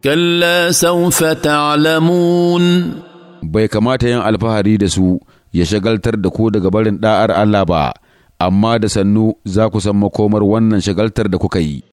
كلا سوف تعلمون bai kamata yin alfahari da su ya shagaltar da ku daga barin da'ar Allah ba, amma da sannu za ku san makomar wannan shagaltar da kuka yi.